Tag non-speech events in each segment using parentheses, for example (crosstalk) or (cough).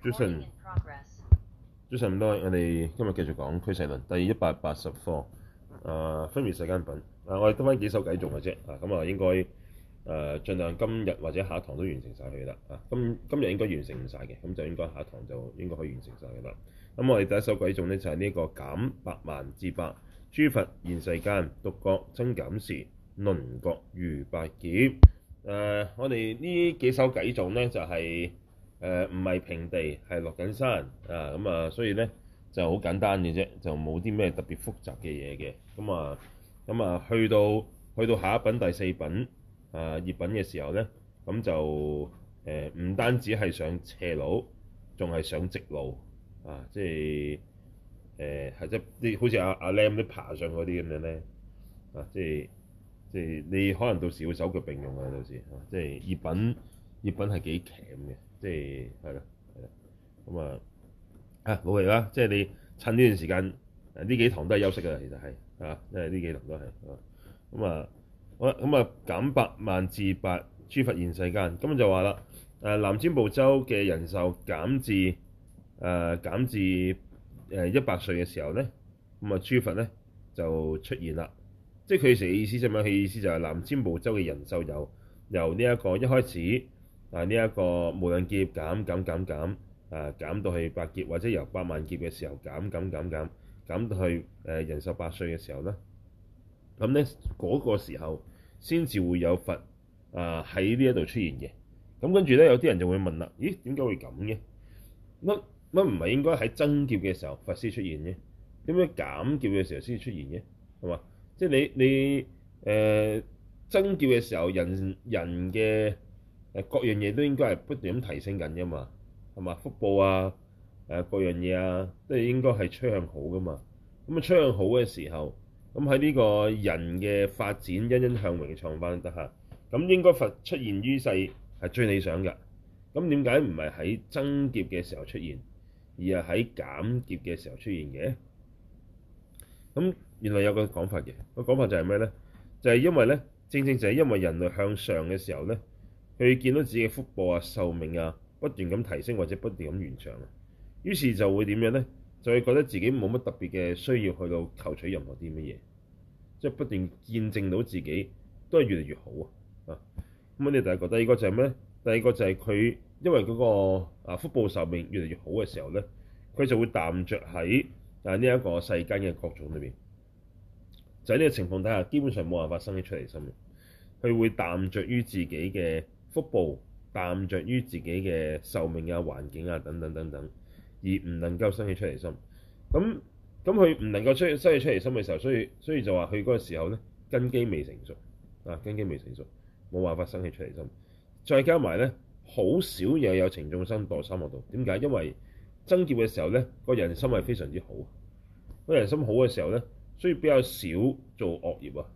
早晨，早晨唔該，我哋今日繼續講俱舍論第一百八十課，啊，分別世間品，啊，我哋得翻幾首偈頌嘅啫，啊，咁啊應該，誒、啊，儘量今日或者下堂都完成晒佢啦，啊，今今日應該完成唔晒嘅，咁就應該下堂就應該可以完成晒嘅啦。咁、啊、我哋第一首偈頌咧就係、是、呢、這個減八萬至百諸佛現世間，獨覺增減時，麟角如百劫。誒、啊，我哋呢幾首偈頌咧就係、是。誒唔係平地，係落緊山啊！咁啊，所以咧就好簡單嘅啫，就冇啲咩特別複雜嘅嘢嘅。咁啊，咁啊，啊，去到去到下一品第四品啊業品嘅時候咧，咁就誒唔單止係上斜路，仲係上直路啊！即係誒係即好似阿阿 lem 啲爬上嗰啲咁樣咧啊！即係即係你可能到時會手腳並用嘅，到時、就是、啊、即係業品業品係幾強嘅。即係係啦，係啦，咁、嗯、啊嚇冇嘢啦。即係你趁呢段時間，誒呢幾堂都係休息㗎喇，其實係啊，因為呢幾堂都係啊，咁、嗯、啊、嗯、好啦，咁啊減八萬至百，諸佛現世間。咁就話啦，誒、呃、南瞻部洲嘅人壽減至誒、呃、減至誒一百歲嘅時候咧，咁啊諸佛咧就出現啦。即係佢成嘅意思就係咩？佢意思就係南瞻部洲嘅人壽由由呢一個一開始。啊！呢、這、一個無量劫減減減減，啊減，減，減、呃、減到去百劫，或者由百萬劫嘅時候減減減減，減，減到去誒、呃、人壽百歲嘅時候咧，咁咧嗰個時候先至會有佛啊喺呢一度出現嘅。咁跟住咧，有啲人就會問啦：咦？點解會咁嘅？乜乜唔係應該喺增劫嘅時候佛先出現嘅？點解減劫嘅時候先出現嘅？係嘛？即、就、係、是、你你誒增、呃、劫嘅時候，人人嘅。各樣嘢都應該係不斷咁提升緊㗎嘛，係嘛？福報啊，誒各樣嘢啊，都係應該係趨向好㗎嘛。咁啊，趨向好嘅時候，咁喺呢個人嘅發展欣欣向榮嘅狀態得嚇。咁應該佛出現於世係最理想嘅。咁點解唔係喺增劫嘅時候出現，而係喺減劫嘅時候出現嘅？咁原來有個講法嘅、個講法就係咩咧？就係、是、因為咧，正正就係因為人類向上嘅時候咧。佢見到自己嘅福報啊、壽命啊不斷咁提升或者不斷咁延長啊，於是就會點樣咧？就會覺得自己冇乜特別嘅需要去到求取任何啲乜嘢，即係不斷見證到自己都係越嚟越好啊！咁我哋第一個、第二個就係咩咧？第二個就係佢因為嗰個啊福報壽命越嚟越好嘅時候咧，佢就會耽着喺啊呢一個世間嘅各種裏面，就喺呢個情況底下，基本上冇辦法生起出離心嘅。佢會耽着於自己嘅，福報耽着於自己嘅壽命啊、環境啊等等等等，而唔能夠生起出離心。咁咁佢唔能夠生出生起出離心嘅時候，所以所以就話佢嗰個時候咧，根基未成熟啊，根基未成熟，冇辦法生起出離心。再加埋咧，好少又有情眾生墮三惡道。點解？因為增劫嘅時候咧，個人心係非常之好，個人心好嘅時候咧，所以比較少做惡業啊。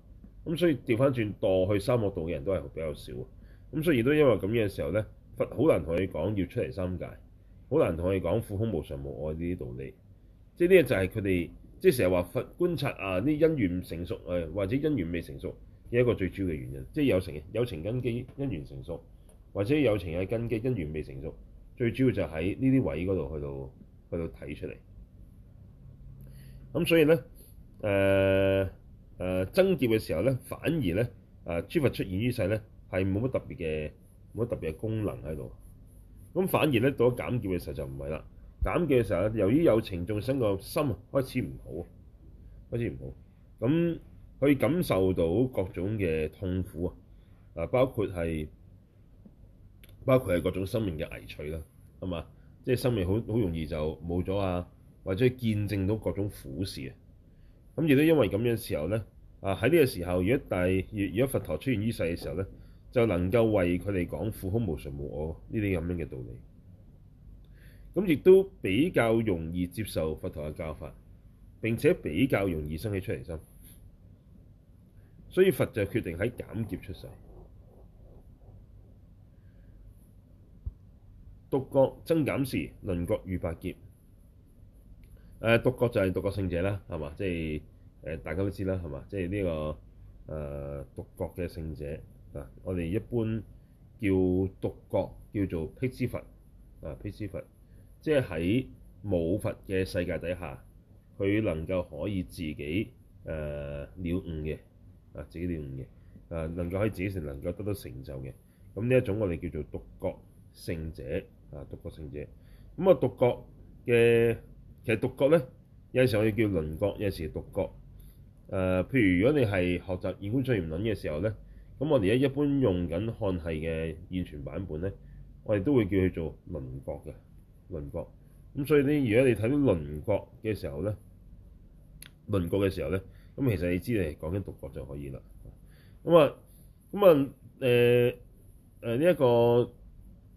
咁所以調翻轉墮去三惡道嘅人都係比較少啊。咁所以都因為咁樣嘅時候咧，佛好難同你講要出嚟三界，好難同你講苦空無常無我呢啲道理。即係呢個就係佢哋即係成日話佛觀察啊呢因緣成熟誒，或者因緣未成熟嘅一個最主要嘅原因，即係有情有情根基因緣成熟，或者有情嘅根基因緣未成熟，最主要就喺呢啲位嗰度去到去到睇出嚟。咁所以咧誒誒增劫嘅時候咧，反而咧誒、呃、諸佛出現於世咧。係冇乜特別嘅冇乜特別嘅功能喺度。咁反而咧，到咗減劫嘅時候就唔係啦。減劫嘅時候，由於有情眾生個心，心開始唔好，開始唔好咁，可以感受到各種嘅痛苦啊！啊，包括係包括係各種生命嘅危脆啦，係嘛？即係生命好好容易就冇咗啊，或者見證到各種苦事啊。咁亦都因為咁嘅時候咧，啊喺呢個時候，如果但係如如果佛陀出現於世嘅時候咧。就能夠為佢哋講“苦空無常無我”呢啲咁樣嘅道理，咁亦都比較容易接受佛陀嘅教法，並且比較容易生起出離心，所以佛就決定喺減劫出世。獨覺增減時，麟角喻百劫。誒、呃，獨覺就係獨覺聖者啦，係嘛？即係誒，大家都知啦，係嘛？即係呢個誒獨覺嘅聖者。嗱、啊，我哋一般叫獨覺叫做辟支佛啊，辟支佛即係喺冇佛嘅世界底下，佢能夠可以自己誒、呃、了悟嘅啊，自己了悟嘅誒、啊，能夠喺自己成能夠得到成就嘅咁呢一種，我哋叫做獨覺聖者啊，獨覺聖者咁啊，獨覺嘅、啊、其實獨覺咧有陣時我哋叫麟角，有陣時，係有時獨覺誒、啊。譬如如果你係學習《現觀莊嚴論》嘅時候咧。咁我哋咧一般用緊漢系嘅現存版本咧，我哋都會叫佢做國的麟角嘅麟角。咁所以咧，如果你睇啲麟角嘅時候咧，麟角嘅時候咧，咁其實你知你講緊獨覺就可以啦。咁啊，咁啊，誒誒呢一個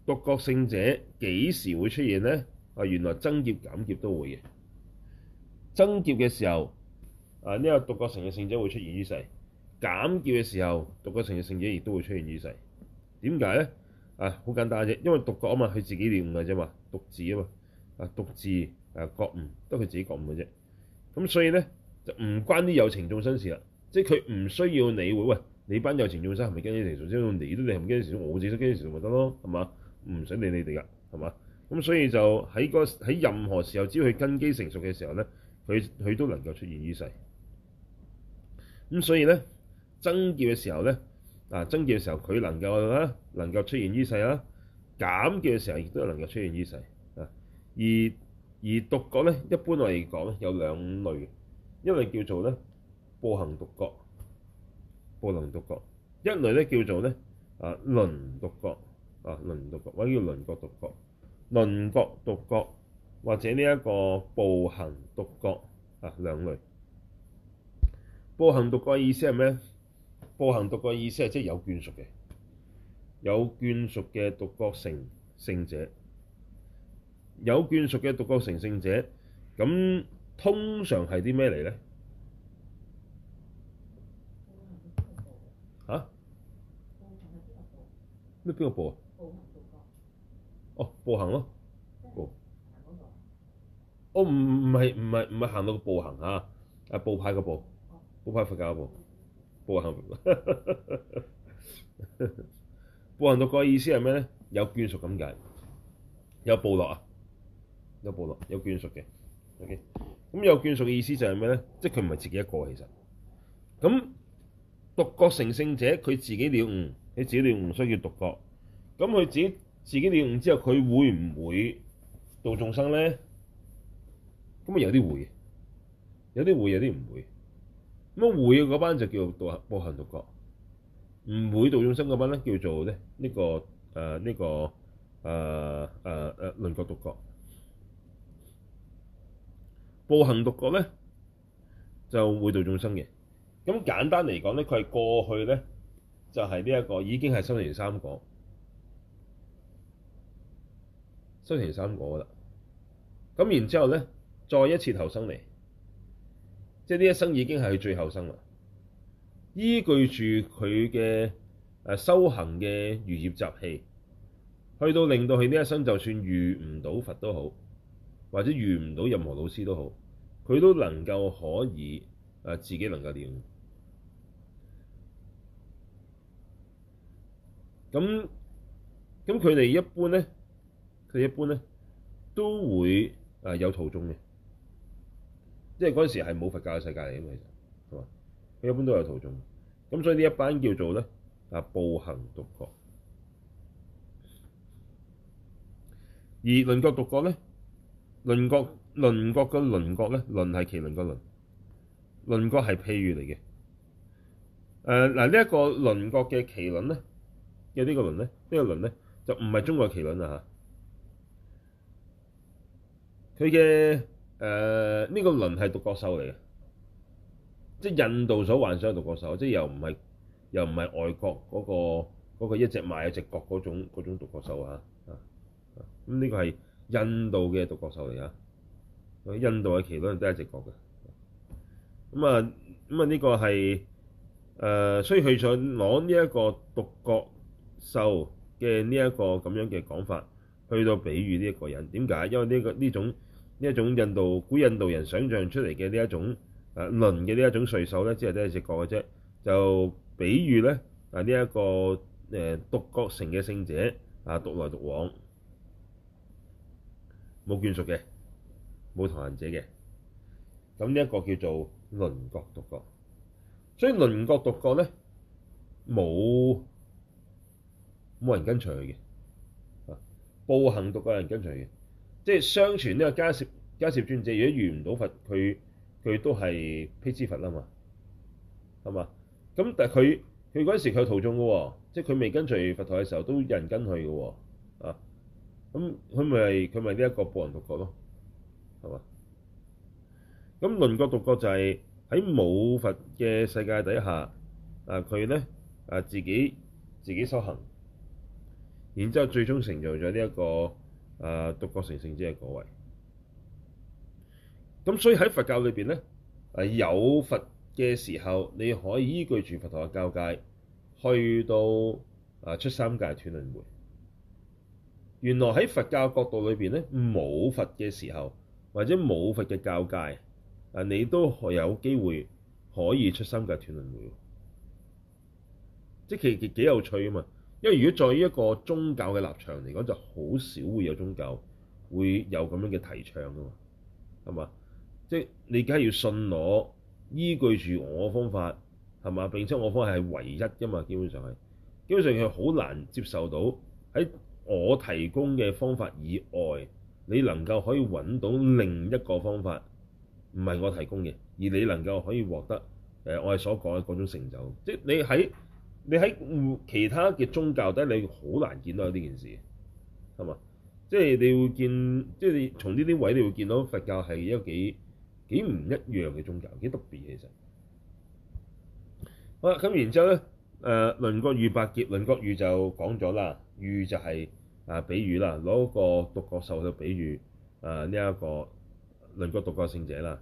獨覺聖者幾時會出現咧？啊，原來增劫減劫都會嘅。增劫嘅時候，啊呢、呢個獨覺聖嘅聖者會出現於世。減劫嘅時候，獨覺乘嘅聖者亦都會出現於世。點解咧？啊，好簡單啫，因為獨覺啊嘛，佢自己念悟嘅啫嘛，獨自啊嘛，啊獨自啊覺悟，都係佢自己覺悟嘅啫。咁所以咧，就唔關啲有情眾生嘅事啦。即係佢唔需要你會喂，你班有情眾生係咪根基成熟先？你都你係唔根基成熟，我自己根基成熟咪得咯，係嘛？唔使理你哋噶，係嘛？咁所以就喺個喺任何時候，只要佢根基成熟嘅時候咧，佢佢都能夠出現於世。咁所以咧。增劫嘅時候咧，啊增劫嘅時候佢能夠啊能夠出現於世啦，減劫嘅時候亦都能夠出現於世啊。而而獨覺咧，一般嚟講有兩類，一類叫做咧部行獨覺，部行獨覺；一類咧叫做咧啊麟獨覺，啊麟獨覺或者叫麟角獨覺。麟角獨覺或者呢一個部行獨覺，啊兩類。部行獨覺嘅意思係咩？部行獨覺意思係即係有眷屬嘅，有眷屬嘅獨覺成聖者，有眷屬嘅獨覺成聖者。咁通常係啲咩嚟咧？吓？咩邊個部啊？哦，部行咯。哦，唔唔係唔係唔係行路步行啊，係部派嘅部，部派佛教嘅部。部部行，部 (laughs) 行獨覺意思係咩咧？有眷屬咁解，有部落啊，有部落，有眷屬嘅。O K，咁有眷屬嘅意思就係咩咧？即係佢唔係自己一個，其實咁獨覺成聖者，佢自己了悟，你自己了悟需要獨覺。咁佢自己自己，自己了悟之後，佢會唔會度眾生咧？咁啊有啲會，有啲會，有啲唔會。咁啊，會嘅嗰班就叫做部行獨覺。唔會度眾生嗰班咧叫做咧、這、呢個誒呢、呃這個誒誒誒麟角獨覺。部行獨覺咧就會度眾生嘅。咁簡單嚟講咧，佢係過去咧就係呢一個已經係修成三果，修成三果啦。咁然之後咧，再一次投生嚟。即係呢一生已經係佢最後生啦。依據住佢嘅誒修行嘅漁業習氣，去到令到佢呢一生就算遇唔到佛都好，或者遇唔到任何老師都好，佢都能夠可以自己能夠練。咁咁佢哋一般咧，佢哋一般咧都會有途中嘅。即係嗰陣時係冇佛教嘅世界嚟嘅嘛，其實係嘛，佢一般都有徒眾。咁所以呢一班叫做咧，啊部行獨覺，而麟角獨覺咧，麟角麟角嘅麟角咧，麟係麒麟嘅麟，麟角係譬喻嚟嘅。誒，嗱呢一個麟角嘅麒麟咧，嘅、這、呢個麟咧，呢、這個麟咧就唔係中國麒麟啊嚇，佢嘅。誒、呃，呢、這個麟係獨角獸嚟嘅，即係印度所幻想嘅獨角獸，即係又唔係又唔係外國嗰、那個嗰、那個一隻賣一隻角嗰種那種獨角獸吓啊，咁呢個係印度嘅獨角獸嚟啊，因為印度嘅麒麟都係一隻角嘅，咁、嗯嗯這個、啊咁啊呢個係誒，所以佢想攞呢一個獨角獸嘅呢一個咁樣嘅講法去到比喻呢一個人，點解？因為呢、這個呢種。呢一種印度古印度人想象出嚟嘅呢一種啊，麟嘅呢一種瑞獸咧，只係得一隻角嘅啫。就比喻咧啊，呢一個誒獨覺乘嘅聖者啊，獨來獨往，冇眷屬嘅，冇同行者嘅。咁呢一個叫做麟角獨覺，所以麟角獨覺咧冇冇人跟隨佢嘅啊，部行獨覺有人跟隨嘅。即係相傳呢個迦葉迦葉尊者，如果遇唔到佛，佢佢都係辟支佛啦嘛，係嘛？咁但係佢佢嗰陣時佢徒眾嘅喎，即係佢未跟隨佛陀嘅時候，都有人跟佢嘅喎，啊，咁佢咪佢咪呢一個部行獨覺咯，係嘛？咁麟角獨覺就係喺冇佛嘅世界底下，啊佢咧啊自己自己修行，然之後最終成就咗呢一個。誒獨覺成聖者係嗰位，咁所以喺佛教裏邊咧，誒有佛嘅時候，你可以依據住佛陀嘅教戒去到誒出三界斷輪迴。原來喺佛教角度裏邊咧，冇佛嘅時候，或者冇佛嘅教戒，誒你都有機會可以出三界斷輪迴，即係其實幾有趣啊嘛～因為如果在於一個宗教嘅立場嚟講，就好少會有宗教會有咁樣嘅提倡噶嘛，係嘛？即係你梗係要信我，依據住我方法係嘛？並且我方法係唯一噶嘛？基本上係，基本上係好難接受到喺我提供嘅方法以外，你能夠可以揾到另一個方法，唔係我提供嘅，而你能夠可以獲得誒我係所講嘅嗰種成就，即係你喺。你喺其他嘅宗教底，你好難見到有呢件事，係嘛？即係你會見，即係你從呢啲位，你會見到佛教係一個幾幾唔一樣嘅宗教，幾特別其實好了。好啦，咁然之後咧，誒，麟角喻百劫，麟角喻就講咗啦，喻就係啊，比喻啦，攞個獨角獸做比喻，誒呢一個麟角獨覺聖者啦。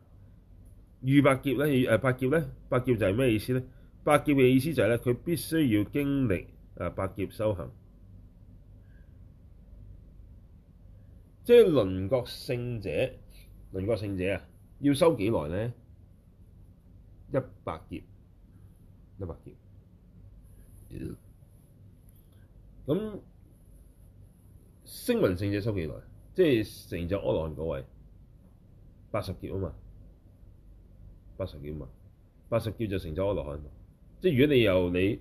喻百劫咧，誒百劫咧，百劫就係咩意思咧？百劫嘅意思就係咧，佢必須要經歷啊百劫修行，即係麟角聖者麟角聖者啊，要修幾耐咧？一百劫，一百劫。咁聲聞聖者修幾耐？即係成就阿羅漢果位，八十劫啊嘛，八十劫啊嘛，八十劫就成就阿羅漢。即係如果你由你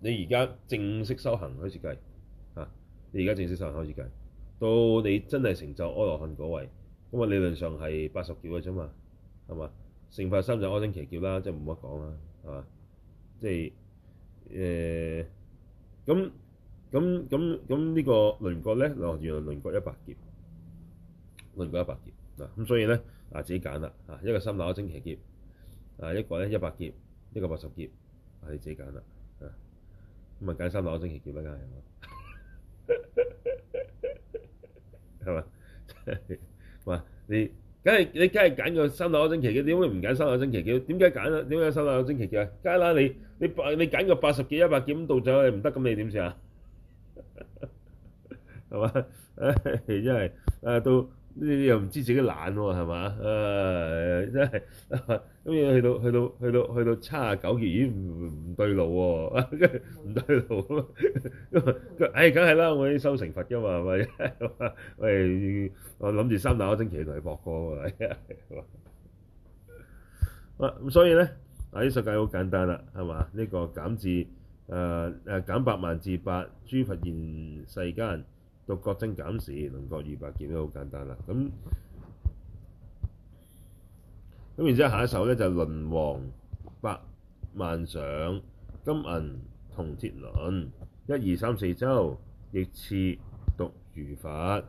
你而家正式修行開始計啊，你而家正式修行開始計，到你真係成就阿羅漢果位，咁啊理論上係八十劫嘅啫嘛，係嘛？成佛三大阿僧祇劫啦，即係冇乜講啦，係嘛？即係誒咁咁咁咁呢個麟角咧，原來麟角一百劫，麟角一百劫嗱，咁，所以咧啊自己揀啦啊，一個三大阿僧祇劫啊，一個咧一百劫，一個八十劫。你自己揀啦，啊，咁咪揀三百個星期叫乜嘢啊？係嘛？哇！你梗係你梗係揀個三百個星期嘅，點解唔揀三百個星期嘅？點解揀啊？點解三百個星期嘅？梗係啦！你你百你揀個八十幾一百幾咁到咗你唔得咁，你點算啊？係嘛？唉，真係啊，到～你又唔知自己懶喎、啊，係嘛？啊，真係咁樣去到去到去到去到七十九結已唔唔對路喎、啊，跟住唔對路咁、啊。咁佢梗係啦，我已經收成佛㗎嘛，係咪？我我諗住三打一聲騎台博過喎，係啊。咁所以咧，啊呢世界好簡單啦，係嘛？呢、這個減至，減、呃、八萬至百，諸佛現世間。讀覺增減時，麟角喻百劫都好簡單啦。咁咁，然之後下一首咧就，輪王八萬上，金銀銅鐵輪，一二三四洲次、呃啊，逆次獨如佛。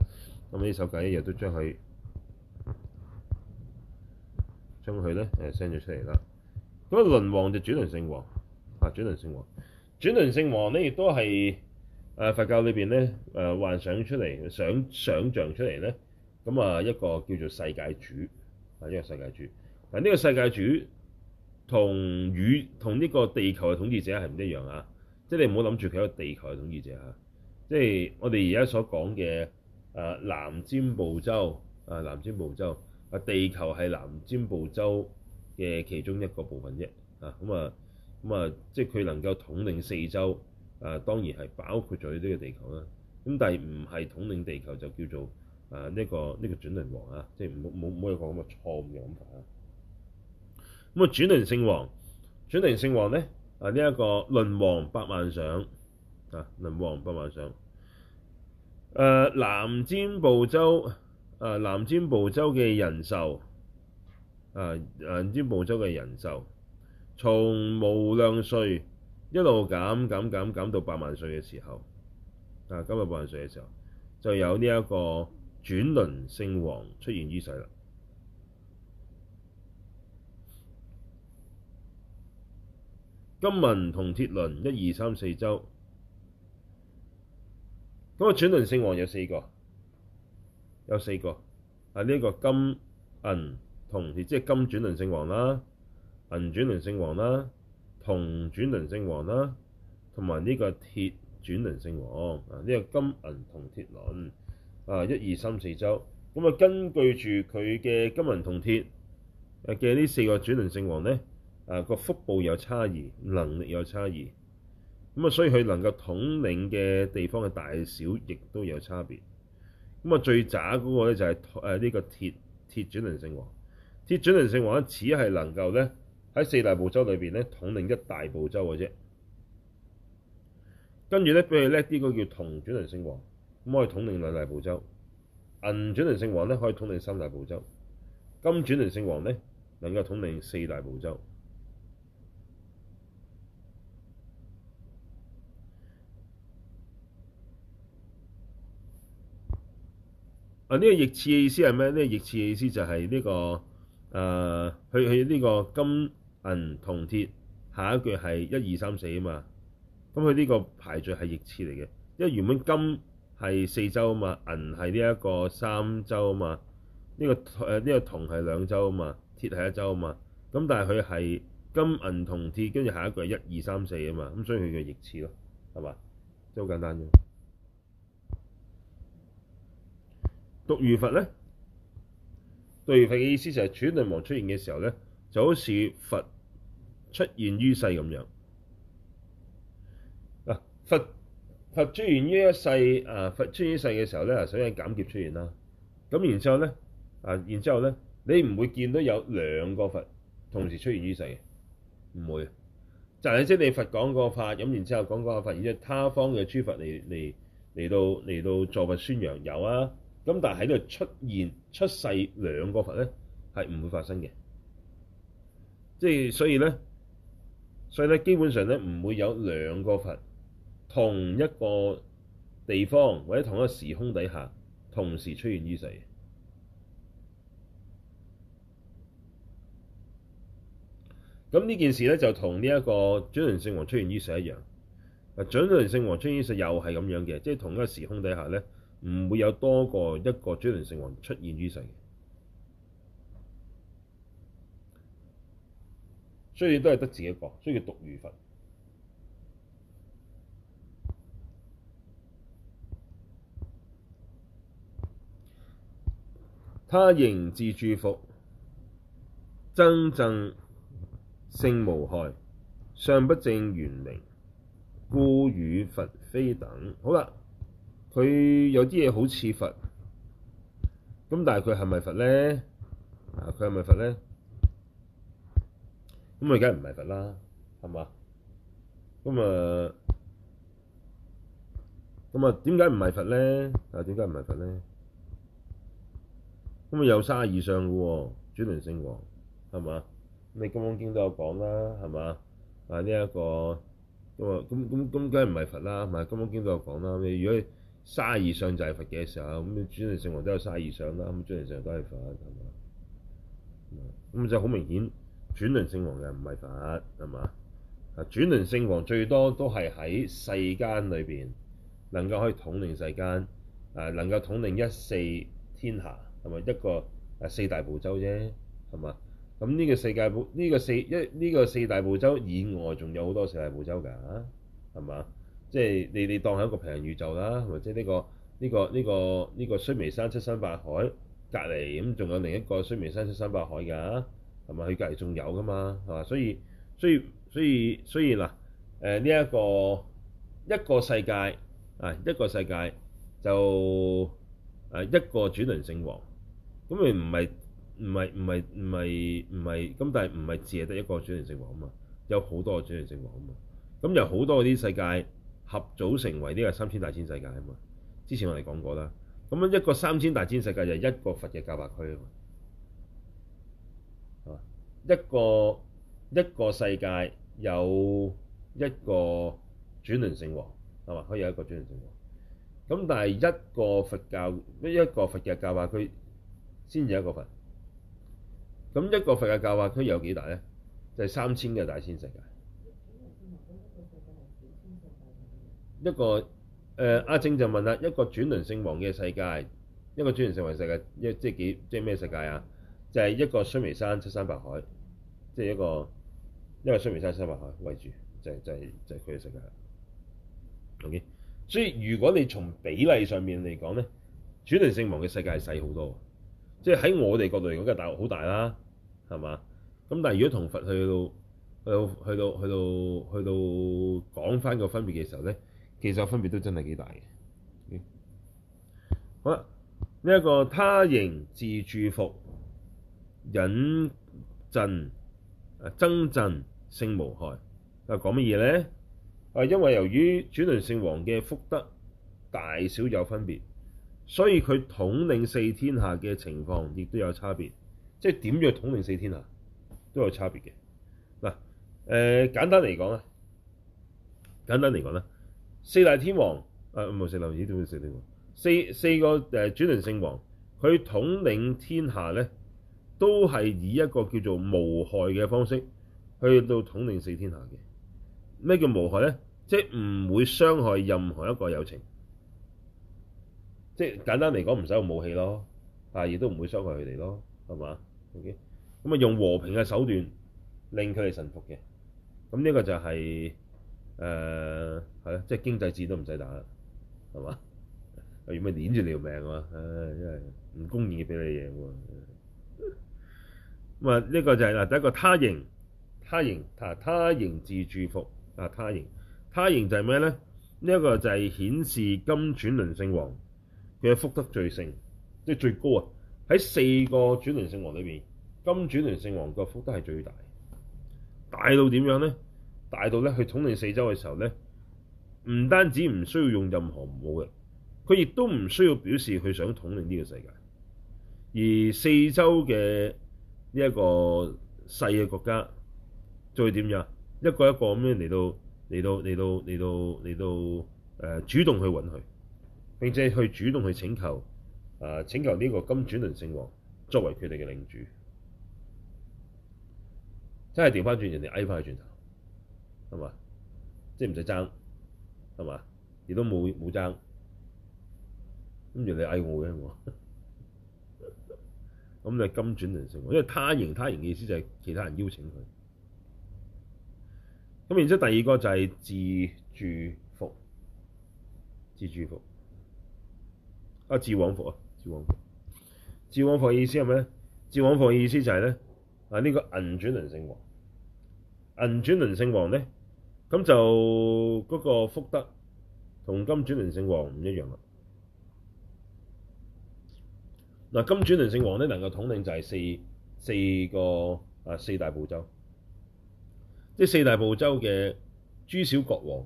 咁呢首偈亦都將佢將佢咧誒，send 咗出嚟啦。咁，個輪王就轉輪聖王啊，轉輪聖王，轉輪聖王咧亦都係誒佛教裏邊咧，誒幻想出嚟，想想像出嚟咧，咁啊一個叫做世界主，啊、這、一個世界主，嗱呢個世界主同與同呢個地球嘅統治者係唔一樣啊，即係你唔好諗住佢係個地球嘅統治者嚇，即係我哋而家所講嘅誒南贍部洲，啊南贍部洲，啊地球係南贍部洲嘅其中一個部分啫，啊咁啊咁啊，啊，即係佢能夠統領四洲。啊，當然係包括咗呢個地球啦。咁但係唔係統領地球就叫做啊呢、呢個呢、呢個、轉輪王啊，即係冇冇冇有講乜錯咁嘅諗法啊。咁啊，轉輪聖王，轉輪聖王咧啊呢一、呢個輪王百萬上，啊，輪王百萬上，南、啊、贍部洲啊，南贍部洲嘅人壽啊，南贍部洲嘅人壽從無量歲。一路減減減減到八萬歲嘅時候，啊，今日八萬歲嘅時候就有呢一個轉輪聖王出現於世啦。金銀銅鐵輪一二三四洲，咁、那個轉輪聖王有四個，有四個啊！呢、這個金銀銅即係金轉輪聖王啦，銀轉輪聖王啦。銅轉輪聖王啦，同埋呢個鐵轉輪聖王啊，呢、這個金銀銅鐵輪啊，一二三四洲，咁啊根據住佢嘅金銀銅鐵嘅呢四個轉輪聖王咧，啊個腹部有差異，能力有差異，咁啊所以佢能夠統領嘅地方嘅大小亦都有差別，咁啊最渣嗰個咧就係誒呢個鐵鐵轉輪聖王，鐵轉輪聖王只係能夠咧。喺四大部洲裏邊咧，統領一大部洲嘅啫。跟住咧，譬如叻啲，個叫銅轉輪聖王，咁可以統領兩大部洲；銀轉輪聖王咧，可以統領三大部洲；金轉輪聖王咧，能夠統領四大部洲。啊，呢個逆次嘅意思係咩？呢個逆次嘅意思就係呢個，誒，去去呢個金。銀銅鐵下一句係一二三四啊嘛，咁佢呢個排序係逆次嚟嘅，因為原本金係四洲啊嘛，銀係呢一個三洲啊嘛，呢、這個誒呢、呃這個銅係兩洲啊嘛，鐵係一洲啊嘛，咁但係佢係金銀銅鐵跟住下一句係一二三四啊嘛，咁所以佢叫逆次咯，係嘛，都好簡單啫。獨如佛咧，獨如佛嘅意思就係轉輪王出現嘅時候咧，就好似佛。出現於世咁樣嗱、啊，佛佛出現於一世，啊佛出現於世嘅時候咧、啊，首先減劫出現啦，咁然之後咧，啊然之後咧，你唔會見到有兩個佛同時出現於世嘅，唔會，就係即係你佛講個法，咁然之後講講個法，然之後他方嘅諸佛嚟嚟嚟到嚟到助佛宣揚有啊，咁但係喺度出現出世兩個佛咧，係唔會發生嘅，即係所以咧。所以咧，基本上咧唔會有兩個佛同一個地方或者同一個時空底下同時出現於世。咁呢件事咧就同呢一個轉輪聖王出現於世一樣。啊，轉輪聖王出現於世又係咁樣嘅，即係同一個時空底下咧，唔會有多過一個轉輪聖王出現於世。所以都係得自己一個，所以叫獨如佛。他迎自往伏，諍陣勝無害，相不正圓明，故與佛非等。好啦，佢有啲嘢好似佛，咁但係佢係咪佛咧？啊，佢係咪佛咧？咁咪梗係唔係佛啦，係嘛？咁啊，咁啊，點解唔係佛咧？啊，點解唔係佛咧？咁啊，有卅二相嘅喎，轉輪聖王，係嘛？咁你金剛經都有講啦，係嘛？啊，呢一個咁啊，咁咁咁梗係唔係佛啦？係嘛？金剛經都有講啦。你如果卅二相就係佛嘅時候，咁轉輪聖王都有卅二相啦，咁轉輪聖王都係佛，係嘛？咁咁就好明顯。轉輪聖王嘅唔係佛，係嘛？啊，轉輪聖王最多都係喺世間裏邊，能夠可以統領世間、呃，能夠統領一四天下係咪一個誒、呃、四大部洲啫？係嘛？咁呢個世界部呢個四一呢個四大部洲以外，仲有好多四大部洲噶，係嘛？即係你你當係一個平衡宇宙啦，或者呢個呢個呢個呢個須彌山七山八海隔離咁，仲有另一個須彌山七山八海噶。同埋佢隔籬仲有噶嘛，係嘛？所以所以所以所以嗱，誒呢一個一個世界啊，一個世界就誒、啊、一個轉輪聖王，咁咪唔係唔係唔係唔係唔係咁，但係唔係只係得一個轉輪聖王啊嘛，有好多轉輪聖王啊嘛，咁由好多啲世界合組成為呢個三千大千世界啊嘛，之前我哋講過啦，咁樣一個三千大千世界就係一個佛嘅教化區啊嘛。一個一個世界有一個轉輪聖王，係嘛？可以有一個轉輪聖王。咁但係一個佛教一個佛嘅教化區先至一個佛。咁一個佛嘅教化區有幾大咧？就係三千嘅大千世界。一個誒、呃、阿正就問啦：一個轉輪聖王嘅世界，一個轉輪聖王的世界，一即係幾即係咩世界啊？就係、是、一個須彌山、七山八海，即、就、係、是、一個，因為須彌山、七山八海圍住，就是、就係、是、就係佢哋嘅世界啦，OK。所以如果你從比例上面嚟講咧，轉輪聖王嘅世界係細好多，即係喺我哋角度嚟講的大很大，梗係大好大啦，係嘛？咁但係如果同佛去到去到去到去到去到講返個分別嘅時候咧，其實個分別都真係幾大嘅。Okay? 好啦，呢、這、一個他迎自往伏。引震誒，增震性無害。啊，講乜嘢咧？啊，因為由於轉輪聖王嘅福德大小有分別，所以佢統領四天下嘅情況亦都有差別。即係點樣統領四天下都有差別嘅嗱。誒、呃，簡單嚟講咧，簡單嚟講，四大天王誒，唔、啊、係四大，點會四大？四四個誒，轉輪聖王佢統領天下咧。都係以一個叫做無害嘅方式去到統領四天下嘅。咩叫無害咧？即係唔會傷害任何一個有情，即係簡單嚟講，唔使用武器咯，但係亦都唔會傷害佢哋咯，係嘛？OK，咁啊，用和平嘅手段令佢哋臣服嘅。咁呢個就係誒係咯，即係經濟戰都唔使打啦，係嘛？例如咪捏住你條命喎，啊，唉、哎，真係唔公義嘅俾你贏喎。咁啊，呢個就係嗱，第一個他迎、他迎、啊，他迎自往伏啊，他迎，他迎就係咩咧？呢、這、一個就係顯示金轉輪聖王嘅福德最勝，即係最高啊！喺四個轉輪聖王裏邊，金轉輪聖王嘅福德係最大，大到點樣咧？大到咧，去統領四洲嘅時候咧，唔單止唔需要用任何唔好嘅，佢亦都唔需要表示佢想統領呢個世界，而四洲嘅。呢一個細嘅國家，再點樣一個一個咁樣嚟到嚟到嚟到嚟到嚟到誒、呃、主動去揾佢，並且去主動去請求誒、呃、請求呢個金轉輪聖王作為佢哋嘅領主，真係調翻轉人哋嗌翻佢轉頭，係嘛？即係唔使爭，係嘛？亦都冇冇爭，跟住你嗌我嘅係咁就金轉輪聖王，因為他迎他迎嘅意思就係其他人邀請佢。咁然之後第二個就係自住伏，自住伏，啊，自往伏啊，自往伏。自往伏意思係咩咧？自往伏意思就係咧啊，呢、這個銀轉輪聖王，銀轉輪聖王咧，咁就嗰個福德同金轉輪聖王唔一樣啦嗱，金轉輪聖王咧，能夠統領就係四四個啊四大部洲，即係四大部洲嘅諸小國王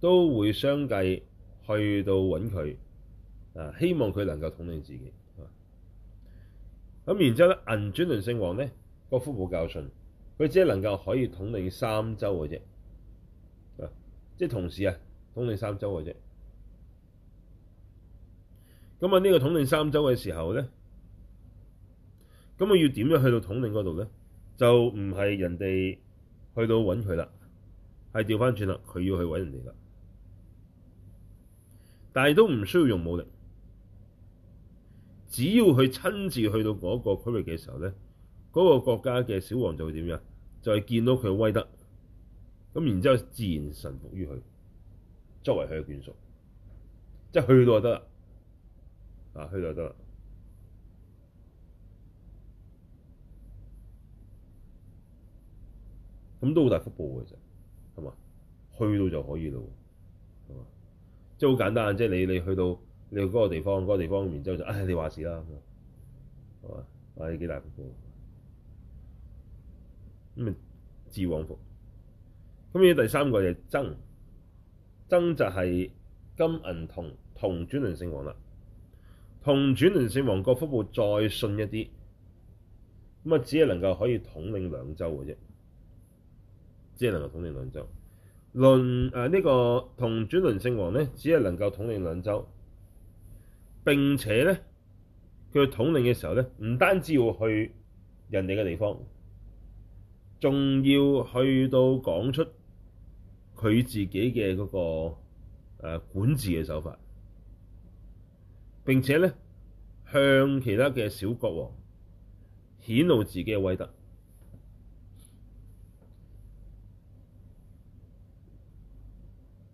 都會相繼去到揾佢啊，希望佢能夠統領自己。咁、啊、然之後咧，銀轉輪聖王咧嘅福德較遜，佢只能夠可以統領三洲嘅啫，啊，即係同時啊統領三洲嘅啫。咁啊！呢個統領三洲嘅時候咧，咁啊要點樣去到統領嗰度咧？就唔係人哋去到搵佢啦，係調翻轉啦，佢要去搵人哋啦。但係都唔需要用武力，只要佢親自去到嗰個區域嘅時候咧，嗰個國家嘅小王就會點樣？就係見到佢威德，咁然之後自然臣服於佢，作為佢嘅眷屬，即係去到就得啦。啊，去到就得啦，咁都好大福報嘅，啫，係嘛？去到就可以啦，係嘛？即係好簡單，即係你你去到你嗰個地方嗰個地方，那個、地方，然之後就唉、哎，你話事啦，係嘛？哇、哎，幾大福報，咁咪自往伏。咁呢第三個就係諍，諍就係金銀銅銅轉輪聖王啦。同轉輪聖王個福報再遜一啲，咁啊只係能夠可以統領兩洲嘅啫，只係能夠統領兩洲。輪誒、啊這個、呢個同轉輪聖王咧，只係能夠統領兩洲。並且咧，佢統領嘅時候咧，唔單止要去人哋嘅地方，仲要去到講出佢自己嘅嗰、那個、啊、管治嘅手法。並且咧，向其他嘅小國王顯露自己嘅威德，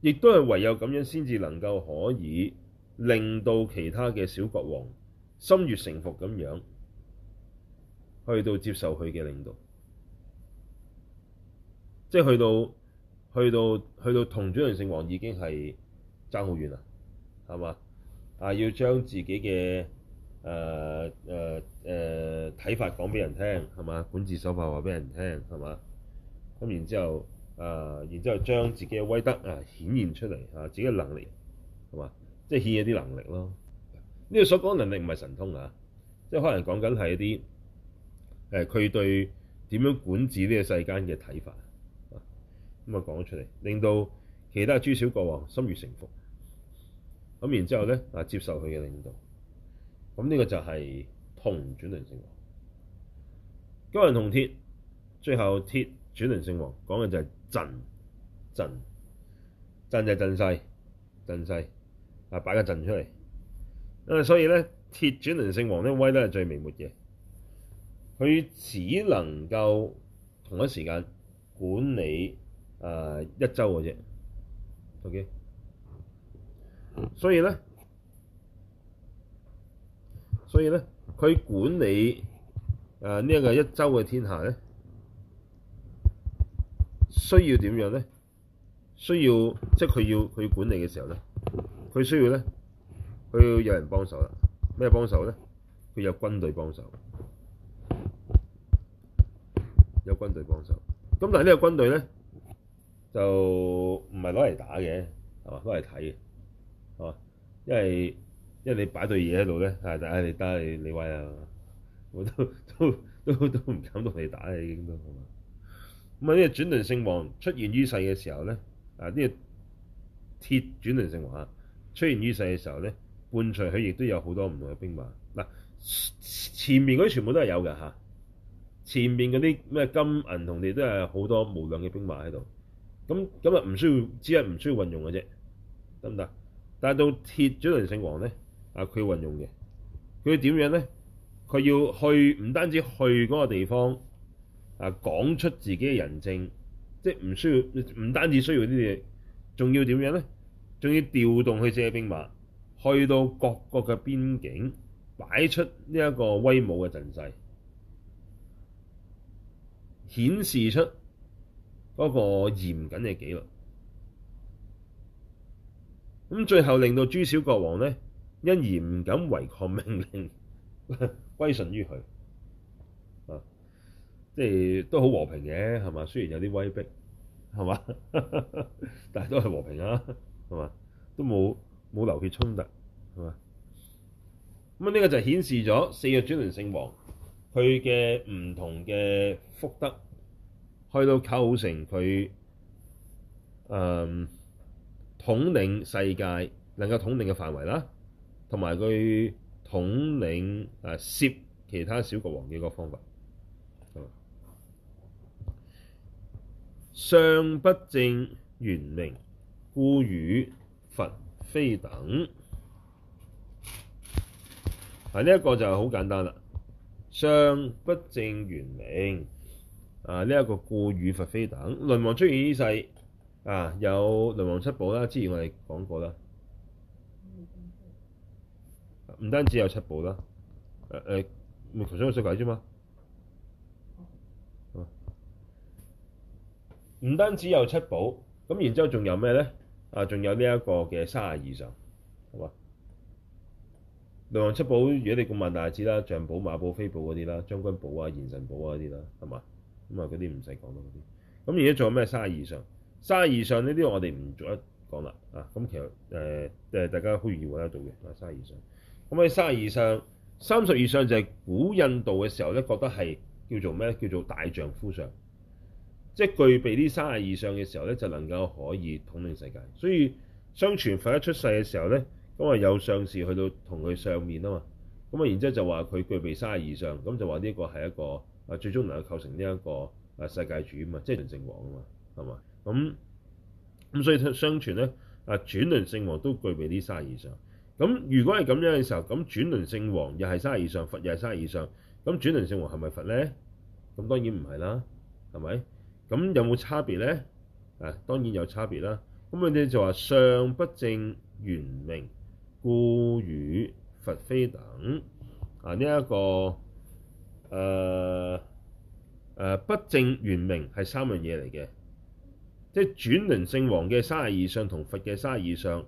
亦都係唯有咁樣先至能夠可以令到其他嘅小國王心悅誠服咁樣，去到接受佢嘅領導，即係去到去到去到同主人聖王已經係爭好遠啦，係嘛？啊！要將自己嘅誒誒誒睇法講俾人聽，係嘛？管治手法話俾人聽，係嘛？咁然之後，啊、呃，然之後將自己嘅威德啊顯現出嚟，啊，自己嘅能力係嘛？即係顯一啲能力咯。呢個所講能力唔係神通啊，即係可能講緊係一啲誒佢對點樣管治呢個世間嘅睇法。咁啊講出嚟，令到其他諸小國王心悅誠服。咁然之後咧，啊，接受佢嘅領導，咁、這、呢個就係銅轉輪聖王，金銀銅鐵，最後鐵轉輪聖王，講嘅就係陣陣陣就陣勢陣勢啊擺個陣出嚟，啊、所以咧鐵轉輪聖王呢威咧最微末嘅，佢只能夠同一時間管理、呃、一洲嘅啫，OK。所以咧，所以咧，佢管理誒呢一個一洲嘅天下咧，需要點樣咧？需要即係佢要佢要管理嘅時候咧，佢需要咧，佢要有人幫手啦。咩幫手咧？佢有軍隊幫手，有軍隊幫手。咁但係呢個軍隊咧，就唔係攞嚟打嘅，係、啊、嘛，攞嚟睇嘅。因為因為你擺對嘢喺度咧，係就唉得你你威啊！我都都都都唔敢同你打你已經都係嘛。咁啊呢個轉輪聖王出現於世嘅時候咧，啊呢個鐵轉輪聖王出現於世嘅時候咧，伴隨佢亦都有好多唔同嘅兵馬嗱、啊，前面嗰啲全部都係有嘅嚇、啊，前面嗰啲咩金銀銅鐵都係好多無量嘅兵馬喺度，咁咁啊唔需要只係唔需要運用嘅啫，得唔得？但到鐵轉輪聖王咧，啊，佢運用嘅，佢點樣咧？佢要去唔單止去嗰個地方，啊，講出自己嘅人證，即係唔需要唔單止需要啲嘢，仲要點樣咧？仲要調動佢自己嘅兵馬，去到各國嘅邊境，擺出呢一個威武嘅陣勢，顯示出嗰個嚴謹嘅紀律。咁最後令到諸小國王咧，因而唔敢違抗命令，歸順於佢。啊，即係都好和平嘅，係嘛？雖然有啲威逼，係嘛？但係都係和平啊，係嘛？都冇冇流血衝突，係嘛？咁呢個就顯示咗四個轉輪聖王佢嘅唔同嘅福德，去到構成佢誒。嗯統領世界，能夠統領嘅範圍啦，同埋佢統領誒攝、啊、其他小國王嘅一個方法。相、嗯、不正圓明，故與佛非等。嗱、啊，呢、這、一個就好簡單啦。相不正圓明，啊呢一、這個故與佛非等。輪王出現呢世。啊！有，龍有，啊、欸有，有，有，啊有《輪王七寶》啦，之前我哋講過啦。唔單止有七寶啦，誒誒，唔係頭先個數據啫嘛。唔單止有七寶，咁然之後仲有咩咧？啊，仲有呢一個嘅三十二相，係嘛？《輪王七寶》，如果你顧萬大指啦，象寶、馬寶、飛寶嗰啲啦，將軍寶啊、賢神寶啊啲啦，係嘛？咁啊，嗰啲唔使講啦，嗰啲。咁而家仲有咩三十二相？三十二相呢啲我哋唔逐一講啦，啊咁其實誒誒、呃、大家好容易揾得到嘅，啊三十二相，咁喺三十二相，三十二相就係古印度嘅時候咧，覺得係叫做咩叫做大丈夫相，即係具備呢三十二相嘅時候咧，就能夠可以統領世界。所以相傳佛一出世嘅時候咧，咁啊有上士去到同佢相面啊嘛，咁啊然之後就話佢具備三十二相，咁就話呢個係一個啊最終能夠構成呢一個啊世界主啊嘛，即係聖王啊嘛，係嘛？咁咁，所以相傳咧，啊轉輪聖王都具備啲卅二相。咁如果係咁樣嘅時候，咁轉輪聖王又係卅二相，佛又係卅二相，咁轉輪聖王係咪佛咧？咁當然唔係啦，係咪？咁有冇差別咧？啊，當然有差別啦。咁佢哋就話相不正圓明，故與佛非等啊呢一、這個誒誒、呃呃、不正圓明」係三樣嘢嚟嘅。即係轉輪聖王嘅三十二相同佛嘅三十二相，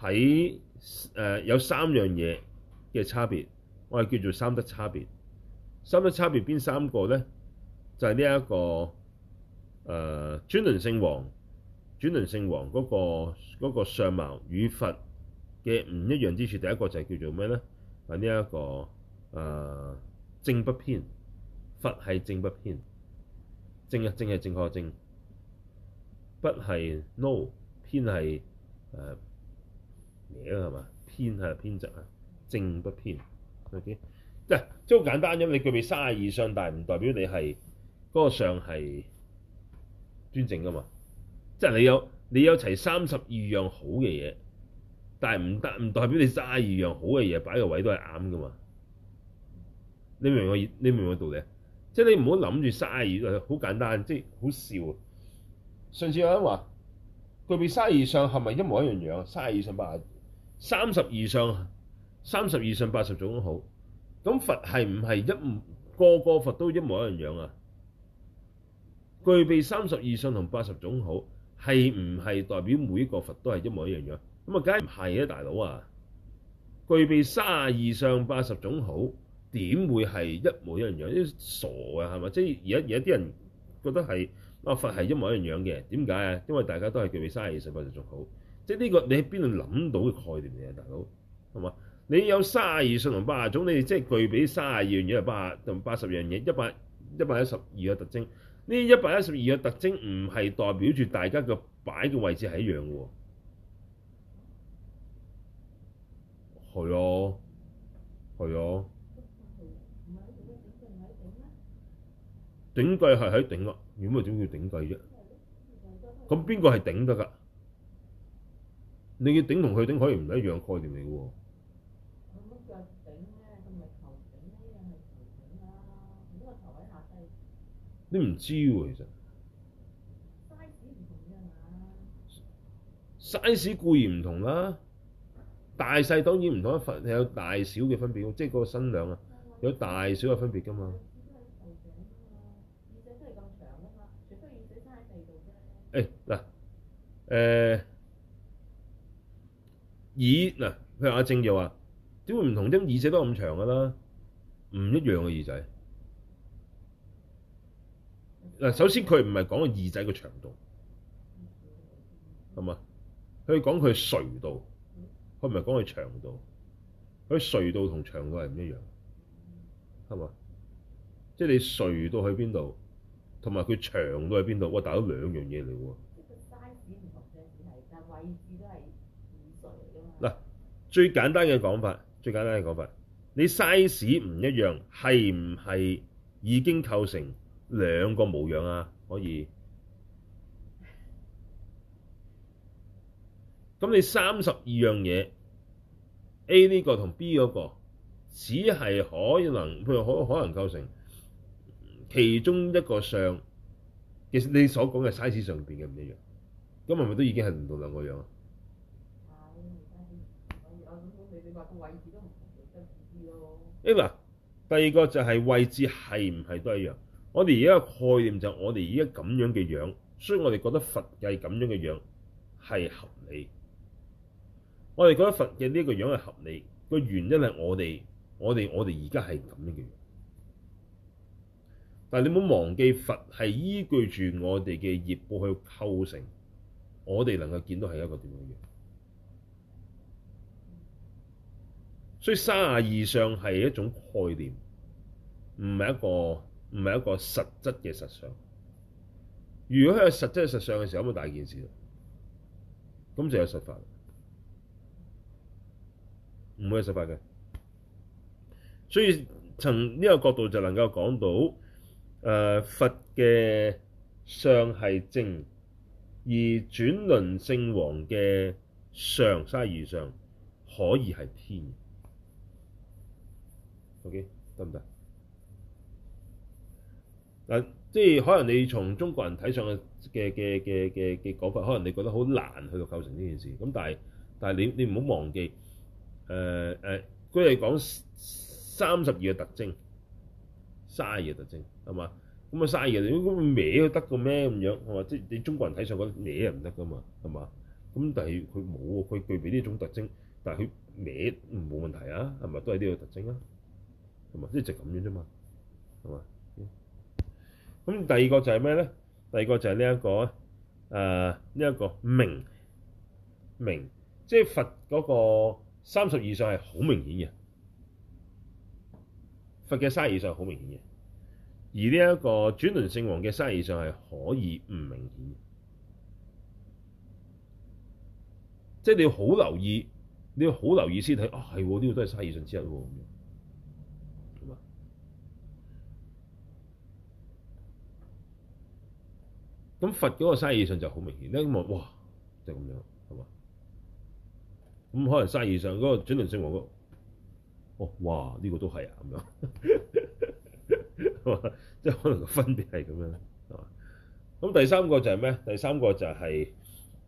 喺誒、呃、有三樣嘢嘅差別，我係叫做三德差別。三德差別邊三個咧？就係呢一個誒轉輪聖王，轉輪聖王嗰、嗰個相貌、嗰個、與佛嘅唔一樣之處。第一個就係叫做咩咧？係呢一個誒、呃、正不偏，佛係正不偏，正啊正係正確正。不係 no，偏係嘢啊嘛，偏係偏執啊，正不偏，O K，即係即係好簡單，因為，你具備卅二相，但係唔代表你係嗰個相係端正噶嘛。即係你有你有齊三十二樣好嘅嘢，但係唔得唔代表你卅二樣好嘅嘢擺個位都係啱噶嘛。你明唔明我你明唔明我道理啊？即係你唔好諗住卅二，好簡單，即係好笑啊！上次有人話，具備卅二相係咪一模一樣樣？卅二相、八、三十二相、三十二相、八十種好，咁佛係唔係一唔個個佛都一模一樣樣啊？具備三十二相同八十種好，係唔係代表每一個佛都係一模一樣樣？咁啊，梗係唔係咧，大佬啊！具備卅二相八十種好，點會係一模一樣樣？啲傻嘅係咪？即係而家而家啲人覺得係。嗱，佛係一模一樣嘅，點解啊？因為大家都係具備卅二十八就仲好，即係呢個你喺邊度諗到嘅概念嚟啊？大佬，係嘛？你有卅二相同八十種，你即係具備卅二樣嘢同八同八十樣嘢，一百一百一十二個特徵，呢一百一十二個特徵唔係代表住大家嘅擺嘅位置係一樣嘅喎，係咯、哦，係咯、哦，哦嗯、頂蓋係喺頂啦。如果咪點要頂計啫？咁邊個係頂得㗎？你嘅頂同佢頂可以唔一樣嘅概念嚟嘅喎？你唔知喎、啊，其實。size s i z e 固然唔同啦，大細當然唔同，你有大小嘅分別，即係個身量啊，有大小嘅分別㗎嘛。誒、hey, 嗱，誒耳嗱，譬如阿正又話點會唔同啲耳仔都咁長噶啦，唔一樣嘅耳仔。嗱，首先佢唔係講個耳仔嘅長度，係嘛？佢講佢隧道，佢唔係講佢長度。佢隧道同長度係唔一樣，係嘛？即係你隧道去邊度？同埋佢長度喺邊度？哇！大佬兩樣嘢嚟喎。唔同嘅事係，但都係嚟嗱，最簡單嘅講法，最簡單嘅講法，你 size 唔一樣，係唔係已經構成兩個模樣啊？可以。咁你三十二樣嘢，A 呢個同 B 嗰個，只係可能佢可可能構成。其中一個相，其實你所講嘅 size 上邊嘅唔一樣，咁係咪都已經係唔同兩個樣啊？嗯？第二個就係位置係唔係都一樣？我哋而家概念就係我哋而家咁樣嘅樣，所以我哋覺得佛係咁樣嘅樣係合理。我哋覺得佛嘅呢個樣係合理，個原因係我哋我哋我哋而家係咁樣嘅樣。但係你唔好忘記，佛係依據住我哋嘅業報去構成，我哋能夠見到係一個點樣嘅？所以三十二相係一種概念，唔係一個唔係一個實質嘅實相。如果係實質嘅實相嘅時候，咁咪大件事。咁就有實法，唔會有實法嘅。所以從呢個角度就能夠講到。誒、呃、佛嘅相係正，而轉輪聖王嘅相卅二相可以係天 OK，得唔得？嗱、呃，即係可能你從中國人睇上去嘅嘅嘅嘅嘅講法，可能你覺得好難去到構成呢件事。咁但係但係你你唔好忘記誒誒，佢係講三十二嘅特徵，卅二嘅特徵。係嘛？咁啊嘥嘅，咁咩都得個咩咁樣？係嘛？即係你中國人睇上講歪又唔得噶嘛？係嘛？咁但係佢冇佢具備呢種特徵，但係佢歪冇問題啊？係咪都係呢個特徵啊？係嘛？一直咁樣啫嘛？係嘛？咁、嗯、第二個就係咩咧？第二個就係呢一個誒呢一個明明，即係佛嗰個三十二相係好明顯嘅，佛嘅三十二相好明顯嘅。而呢一個轉輪聖王嘅生意上係可以唔明顯，即係你要好留意，你要好留意先睇啊，係呢個都係生意上之一喎。咁啊，咁佛嗰個生意上就好明顯，咁望哇，就咁樣，係嘛？咁可能生意上嗰個轉輪聖王嗰，哦哇，呢個都係啊咁樣。即係可能個分別係咁樣啊。咁第三個就係咩？第三個就係、就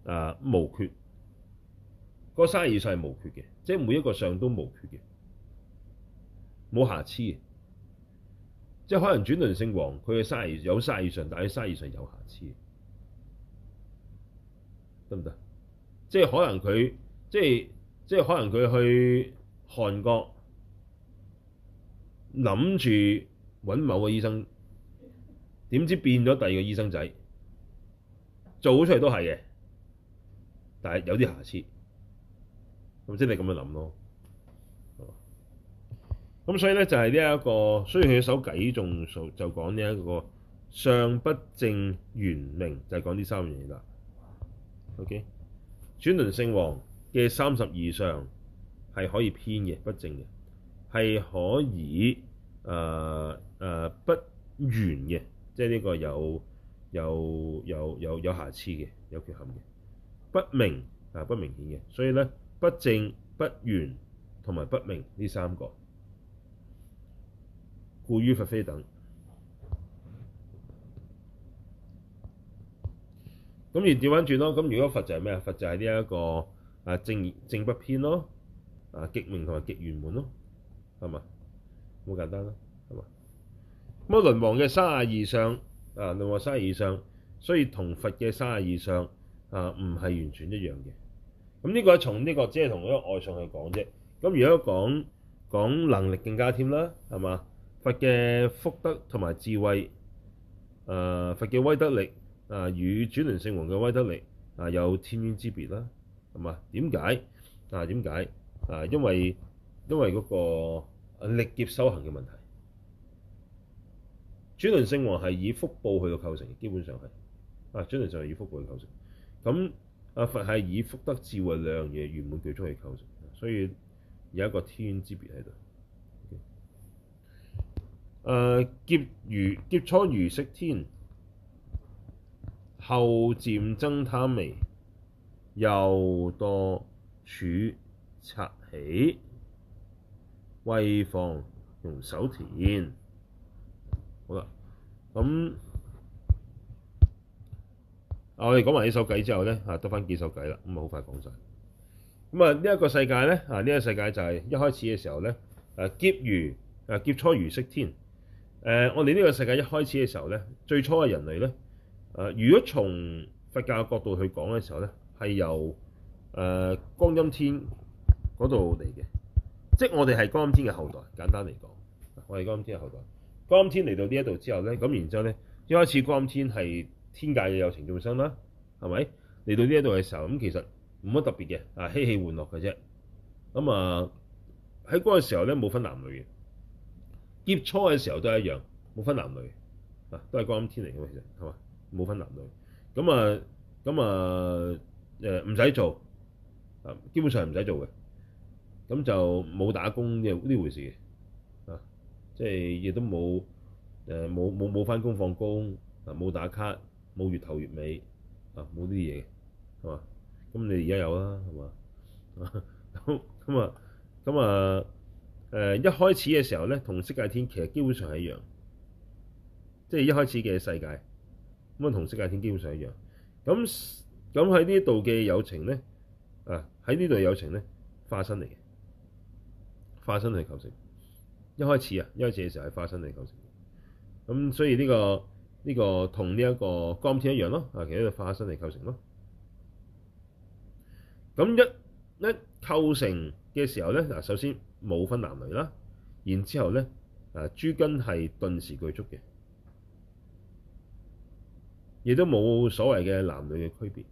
是、啊無缺、那個沙義上係無缺嘅，即、就、係、是、每一個上都無缺嘅，冇瑕疵嘅。即係可能轉輪聖王佢嘅沙義有沙義上，但係沙義上有瑕疵，得唔得？即係可能佢即係即係可能佢去韓國諗住。搵某個醫生，點知變咗第二個醫生仔，做出嚟都係嘅，但係有啲瑕疵，咁即係你咁樣諗咯，咁所以咧就係呢一個，雖然佢手計仲數就講呢一個相不正圓明」，就係講呢三樣嘢啦。OK，轉輪聖王嘅三十二相係可以偏嘅，不正嘅，係可以誒。呃誒、呃、不圓嘅，即係呢個有有有有有瑕疵嘅，有缺陷嘅，不明啊，不明顯嘅，所以咧不正不圓同埋不明呢三個，故與佛非等。咁而調翻轉咯，咁如果佛就係咩啊？佛就係呢一個誒正正不偏咯，啊極明同埋極圓滿咯，係嘛？好簡單啦，係嘛？咁啊，輪王嘅三十二相，啊輪王三十二相，所以同佛嘅三十二相，啊唔係完全一樣嘅。咁呢個係從呢個即係同嗰個外相去講啫。咁如果講講能力更加添啦，係嘛？佛嘅福德同埋智慧，誒、啊、佛嘅威德力，誒與轉輪聖王嘅威德力啊有天淵之別啦，係嘛？點解？啊點解？啊因為因為嗰個力劫修行嘅問題。轉輪聖王係以福報去到構成的，基本上係啊轉輪就係以、啊、以福報去構成，咁阿佛係以福德智慧兩樣嘢圓滿具足去構成，所以有一個天之別喺度。誒、嗯呃、劫如劫初如色天，後漸增貪味，由惰儲賊起，為防雇守田。好啦，咁啊，我哋講埋呢首偈之後咧，啊，得翻幾首偈啦，咁啊，好快講晒。咁啊，呢一個世界咧，啊，呢一個世界就係一開始嘅時候咧，啊，劫如啊，劫初如色天。誒，我哋呢個世界一開始嘅時候咧，最初嘅人類咧，啊，如果從佛教嘅角度去講嘅時候咧，係由誒光音天嗰度嚟嘅，即係我哋係光音天嘅後代。簡單嚟講，我係光音天嘅後代。光音天嚟到呢一度之後咧，咁然之後咧，一開始光音天係天界嘅有情眾生啦，係咪？嚟到呢一度嘅時候，咁其實冇乜特別嘅，啊嬉戲玩樂嘅啫。咁啊，喺嗰個時候咧，冇分男女嘅，劫初嘅時候都係一樣，冇分男女，嗱都係光音天嚟嘅其實，係嘛？冇分男女。咁啊咁啊誒唔使做，啊基本上唔使做嘅，咁就冇打工呢呢回事即係亦都冇誒冇冇冇返工放工啊冇打卡冇月頭月尾啊冇啲嘢係嘛？咁你而家有啦係嘛？咁咁啊咁啊誒一開始嘅時候咧，同色界天其實基本上係一樣，即係一開始嘅世界咁啊，同色界天基本上一樣。咁咁喺呢度嘅有情咧啊喺呢度嘅有情咧化生嚟嘅化生嚟求成。一開始啊，一開始嘅時候係化生嚟，構成，咁所以呢、這個呢、這個同呢一個光天一樣咯，啊，其實係化生嚟構成咯。咁一一構成嘅時候咧，嗱，首先冇分男女啦，然之後咧，啊，諸根係頓時具足嘅，亦都冇所謂嘅男女嘅區別。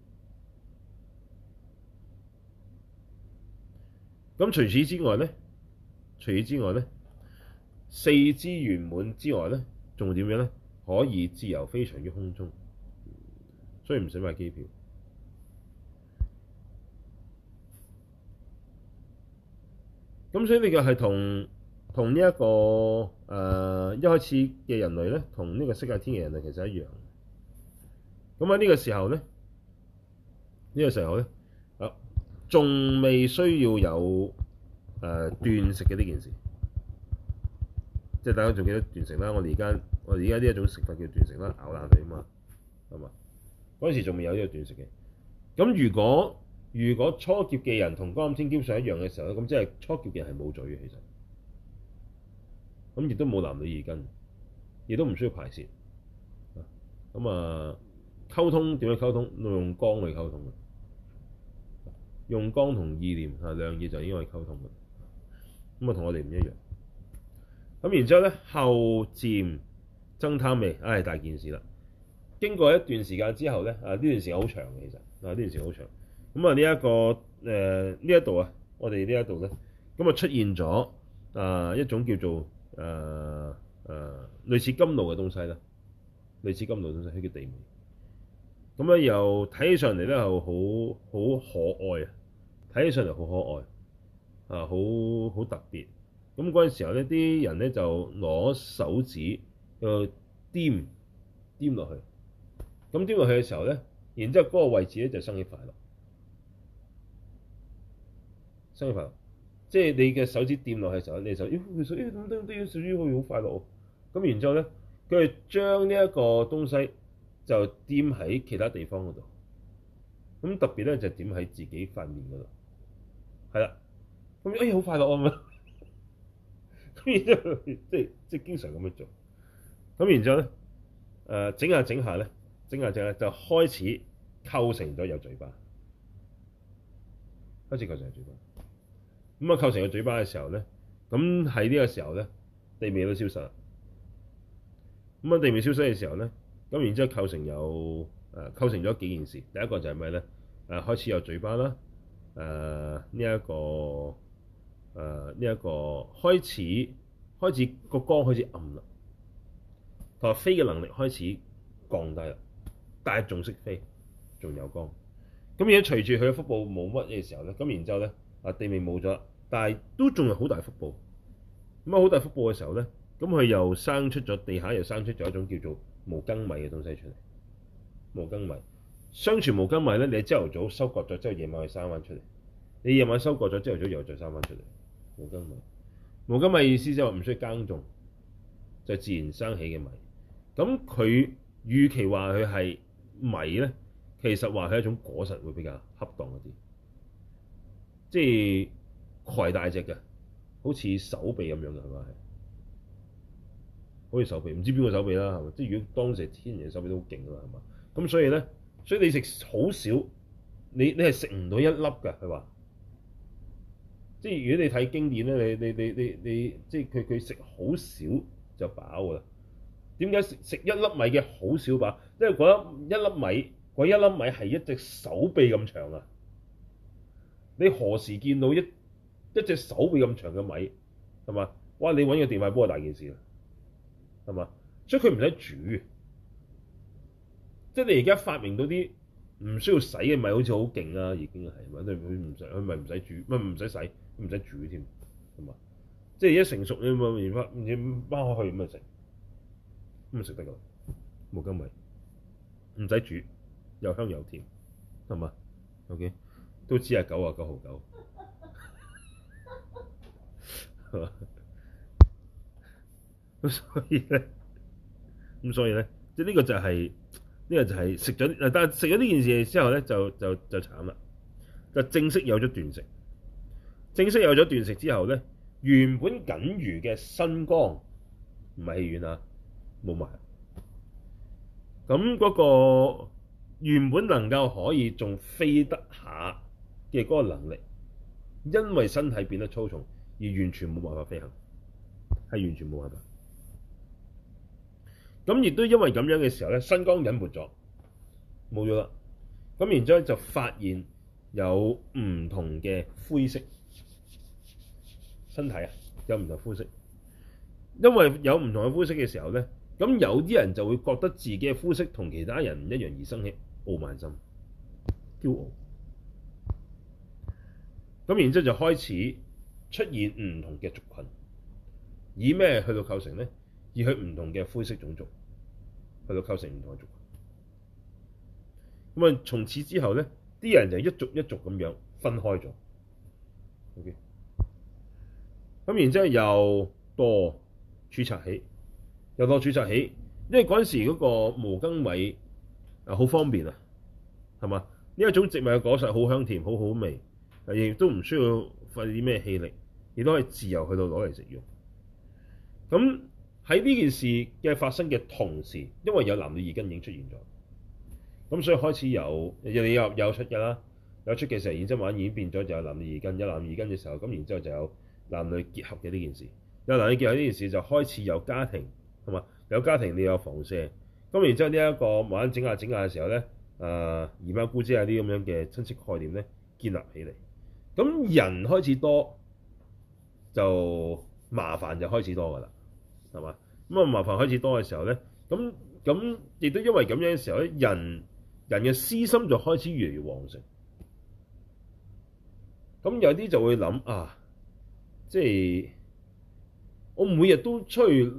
咁除此之外咧，除此之外咧。四肢圓滿之外咧，仲會點樣咧？可以自由飛翔於空中，所以唔使買機票。咁所以呢個係同同呢一個誒、呃、一開始嘅人類咧，同呢個色界天嘅人類其實一樣。咁喺呢個時候咧，呢、呢個時候咧，啊，仲未需要有誒、呃、段食嘅呢件事。即係大家仲記得段食啦，我哋而家我哋而家呢一種食法叫段食啦，咬爛你啊嘛，係嘛？嗰陣時仲未有呢個段食嘅。咁如果如果初劫嘅人同光音天上一樣嘅時候咧，咁即係初劫嘅人係冇嘴嘅，其實咁亦都冇男女二根，亦都唔需要排泄。咁啊，溝通點樣溝通？用光去溝通嘅，用光同意念啊兩者就應該係溝通嘅。咁啊，同我哋唔一樣。咁然之後咧，後漸增貪味，唉、哎，大件事啦！經過一段時間之後咧，啊，呢段時間好長嘅，其實啊，呢段時間好長。咁啊、這個，呢一個誒呢一度啊，我哋呢一度咧，咁啊出現咗啊、呃、一種叫做誒誒、呃呃、類似金露嘅東西啦，類似金露嘅東西，佢個地面咁咧又睇起上嚟咧，又好好可愛，可愛啊！睇起上嚟好可愛啊，好好特別。咁嗰陣時候咧，啲人咧就攞手指就掂掂落去，咁掂落去嘅時候咧，然之後嗰個位置咧就生起快樂，生起快樂，即係你嘅手指掂落去嘅時候，你就咦咁都點點小豬好似好快樂咁、啊、然之後咧，佢將呢一個東西就掂喺其他地方嗰度，咁特別咧就點喺自己塊面嗰度，係啦，咁哎好快樂啊嘛～即係即係經常咁樣做。咁然之後咧，誒整下整下咧，整下整下就開始構成咗有嘴巴，開始構成有嘴巴。咁啊構成有嘴巴嘅時候咧，咁喺呢個時候咧，地面都消失。咁啊地面消失嘅時候咧，咁然之後構成有誒構成咗幾件事，第一個就係咩咧？誒開始有嘴巴啦，誒呢一個。誒呢一個開始開始個光開始暗啦，同埋飛嘅能力開始降低啦，但係仲識飛，仲有光。咁而家隨住佢嘅福報冇乜嘢時候咧，咁然之後咧啊地面冇咗，但係都仲係好大福報。咁啊好大福報嘅時候咧，咁佢又生出咗地下，又生出咗一種叫做無粳米嘅東西出嚟。無粳米，相傳無粳米咧，你朝頭早收割咗，之後夜晚去生翻出嚟。你夜晚收割咗，朝頭早又再生翻出嚟。無粳米，無粳米意思即係話唔需要耕種，就自然生起嘅米。咁佢預期話佢係米咧，其實話係一種果實會比較恰當一啲，即係攰大隻嘅，好似手臂咁樣嘅，係咪？好似手臂，唔知邊個手臂啦，係咪？即係如果當時天然嘅手臂都好勁噶嘛，係嘛？咁所以咧，所以你食好少，你你係食唔到一粒嘅，係話。即係如果你睇經典咧，你你你你你，即係佢佢食好少就飽啦。點解食食一粒米嘅好少飽？因為覺得一粒米嗰一粒米係一隻手臂咁長啊！你何時見到一一隻手臂咁長嘅米係嘛？哇！你搵個電飯煲係大件事啦，係嘛？所以佢唔使煮，即係你而家發明到啲。唔需要洗嘅，咪好似好勁啊！已經係，咁啊，佢唔使，佢咪唔使煮，唔唔使洗，都唔使煮添，係嘛？即係一成熟，你咪翻，你翻我去咁咪食，咁咪食得噶，冇粳米，唔使煮，又香又甜，係嘛？OK，都只係九啊九毫九，咁所以咧，咁所以咧，即係呢個就係。呢個就係食咗，但係食咗呢件事之後咧，就就就慘啦，就正式有咗斷食。正式有咗斷食之後咧，原本僅餘嘅身光唔係戲院啦，冇埋。咁嗰個原本能夠可以仲飛得下嘅嗰個能力，因為身體變得粗重而完全冇辦法飛行，係完全冇辦法。咁亦都因為咁樣嘅時候咧，身光隱沒咗，冇咗啦。咁然之後就發現有唔同嘅膚色身體啊，有唔同膚色。因為有唔同嘅膚色嘅時候咧，咁有啲人就會覺得自己嘅膚色同其他人唔一樣而生起傲慢心、驕傲。咁然之後就開始出現唔同嘅族群，以咩去到構成咧？而喺唔同嘅灰色種族，去到構成唔同嘅族。咁啊，從此之後咧，啲人就一族一族咁樣分開咗。O K。咁然之後又多儲賊起，又多儲賊起，因為嗰陣時嗰個無粳米啊好方便啊，係嘛？呢一種植物嘅果實好香甜，好好味，亦都唔需要費啲咩氣力，亦都可以自由去到攞嚟食用。咁喺呢件事嘅發生嘅同時，因為有男女二根已經出現咗，咁所以開始有人有出嘅啦。有出嘅時候，然之後慢已經變咗，就有男女二根。有男女二根嘅時候，咁然之後就有男女結合嘅呢件事。有男女結合呢件事，就開始有家庭，係嘛？有家庭，你有房舍咁。然之後呢、這、一個慢慢整下整下嘅時候咧，啊、呃、姨媽姑姐有啲咁樣嘅親戚概念咧，建立起嚟。咁人開始多就麻煩就開始多㗎啦。係嘛？咁啊，麻煩開始多嘅時候咧，咁咁亦都因為咁樣嘅時候咧，人人嘅私心就開始越嚟越旺盛。咁有啲就會諗啊，即係我每日都出去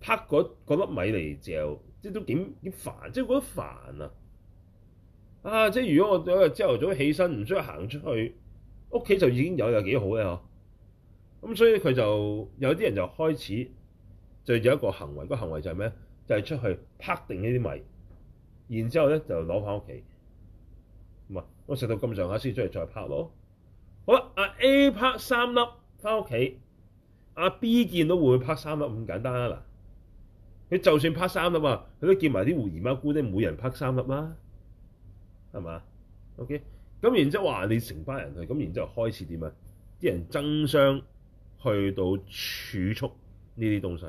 拍嗰粒米嚟嚼，即係都點點煩，即係覺得煩啊！啊，即係如果我有日朝頭早起身唔需要行出去，屋企就已經有，有幾好咧？咁所以佢就有啲人就開始就有一個行為，個行為就係咩？就係出去拍定呢啲米，然之後咧就攞翻屋企。唔係我食到咁上下先出去再拍咯。好啦，阿 A 拍三粒翻屋企，阿 B 見到會唔會拍三粒咁簡單啦，嗱，佢就算拍三粒啊，佢都見埋啲姨媽姑姐咧，每人拍三粒嘛，係嘛？OK，咁然之後話你成班人去，咁然之後開始點啊？啲人爭相。去到儲蓄呢啲東西，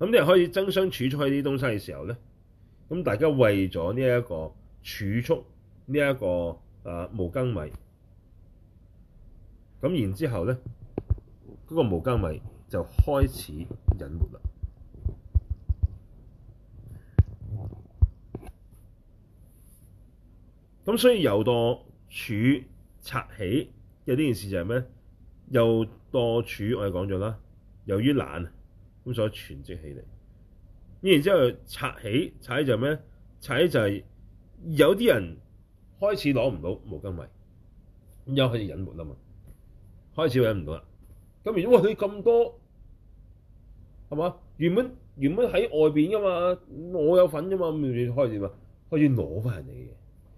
咁你可以開始爭相儲蓄呢啲東西嘅時候咧，咁大家為咗呢一個儲蓄呢一個啊無粳米，咁然之後咧，嗰、那個無粳米就開始隱沒啦。咁所以由惰儲賊起，有啲件事就係咩？又多處，我哋講咗啦。由於懶咁，所以存積起嚟。然之後賊起，賊起就咩咧？賊就係、是、有啲人開始攞唔到無粳米，又開始隱沒啦嘛。開始揾唔到啦。咁如果佢咁多係嘛？原本原本喺外邊噶嘛，我有份噶嘛，咁開始開始攞翻嚟嘅。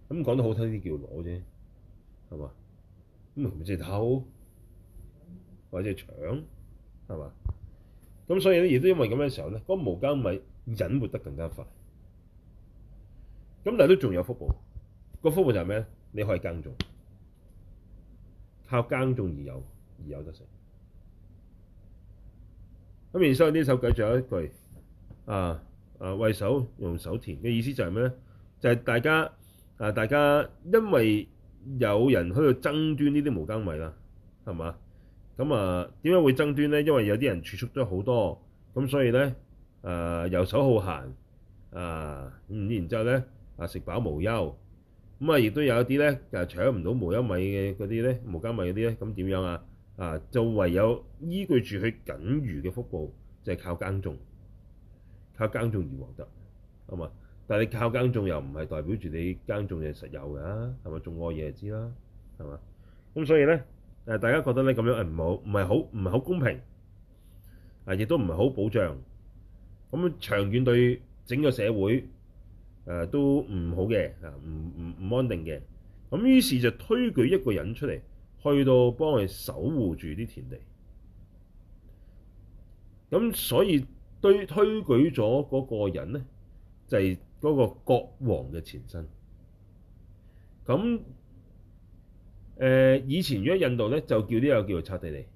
咁講得好聽啲叫攞啫，係嘛？咁咪即係偷。或者搶係嘛？咁所以咧，亦都因為咁嘅時候咧，嗰無粳米隱沒得更加快。咁但係都仲有福報，個福報就係咩咧？你可以耕種，靠耕種而有而有得食。咁然所以呢首偈仲有一句啊啊，為防雇守田嘅意思就係咩咧？就係、是、大家啊，大家因為有人喺度爭端呢啲無粳米啦，係嘛？咁啊，點解會爭端咧？因為有啲人儲蓄咗好多，咁所以咧，誒、呃、遊手好閒，啊、呃、咁然之後咧，啊食飽無憂，咁啊亦都有一啲咧就搶唔到無憂米嘅嗰啲咧，無家米嗰啲咧，咁點樣啊？啊、呃、就唯有依據住佢僅餘嘅福報，就係、是、靠耕種，靠耕種而獲得，係嘛？但係你靠耕種又唔係代表住你耕種就實有㗎，係咪種惡嘢就知啦，係嘛？咁所以咧。誒大家覺得咧咁樣係唔好，唔係好，唔係好公平，啊，亦都唔係好保障，咁長遠對整個社會誒都唔好嘅，啊，唔唔唔安定嘅，咁於是就推舉一個人出嚟，去到幫佢守護住啲田地，咁所以推推舉咗嗰個人咧，就係、是、嗰個國王嘅前身，咁。誒、呃，以前如果印度咧就叫呢個叫做剎帝利，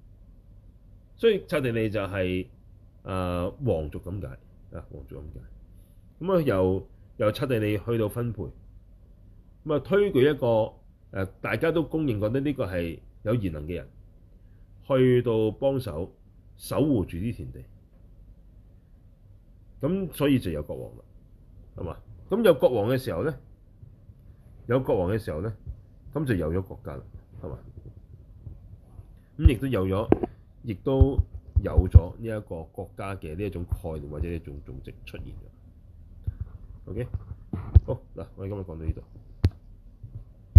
所以剎帝利就係、是、啊、呃、王族咁解啊王族咁解，咁、嗯、啊由由剎帝利去到分配，咁、嗯、啊推舉一個誒、呃、大家都公認覺得呢個係有賢能嘅人，去到幫手守護住啲田地，咁、嗯、所以就有國王啦，係嘛？咁有國王嘅時候咧，有國王嘅時候咧。咁就有咗國家啦，係咪？咁亦都有咗，亦都有咗呢一個國家嘅呢一種概念或者呢一種種植出現啦。OK，好嗱，我哋今日講到呢度。